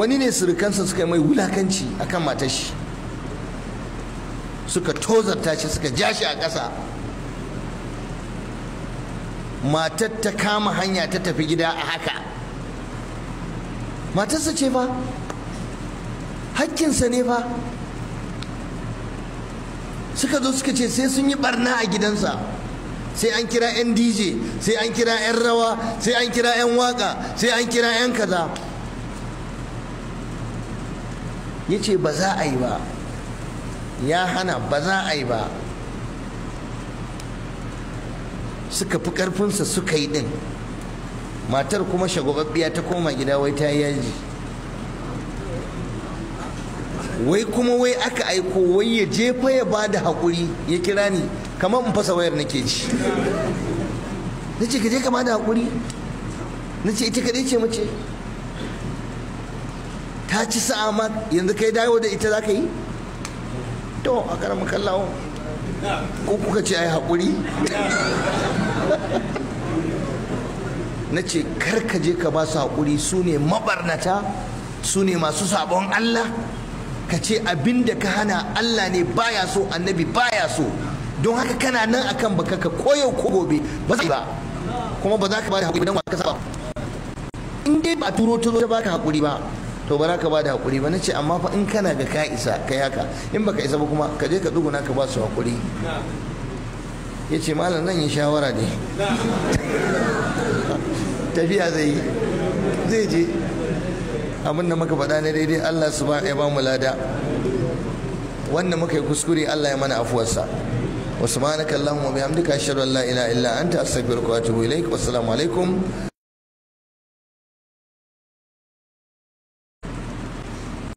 wani ne surukansa suka mai wulakanci a kan matashi, suka tozarta shi suka ja shi a ƙasa matar ta kama hanya ta tafi gida a haka matarsa ce fa hakkinsa ne fa suka zo suka ce sai sun yi barna a gidansa sai an kira 'yan dj sai an kira 'yan rawa sai an kira 'yan waka sai an kira 'yan kaza ya ce ba za a yi ba ya hana ba za a yi ba suka fi ƙarfinsa suka yi ɗin matar kuma shagwababbiya ta koma gida wai ta yaji wai kuma wai aka aiko wai ya jefa ya ba da haƙuri ya kira ni kamar in fasa wayar nake ji na ce ka je ka ba da haƙuri na ce ita kaɗai ce mace ta ci sa'a ma yanzu kai dawo da ita za ka yi to a karamin kallawo ko kuka ce ai haƙuri na ce karka je ka ba su haƙuri su ne mabarnata su ne masu sabon Allah ka ce abin da ka hana Allah ne baya so annabi baya so don haka kana nan akan baka ka koyo ko gobe ba zai ba kuma ba za ka ba da haƙuri don ba ka saba in dai ba turo ta zo ta baka haƙuri ba to ba ka ba da hakuri ba ce amma fa in kana ga ka isa ka haka in baka isa ba kuma ka je ka duguna ka ba su hakuri yace malam nan yi shawara ne tafiya zai yi zai je abin da muka faɗa ne daidai Allah ba ya ba mu lada wanda muka yi kuskure Allah ya mana afuwarsa wasu subhanaka allahumma wa bihamdika ashhadu an la ilaha illa anta astaghfiruka wa atubu ilaik wassalamu alaikum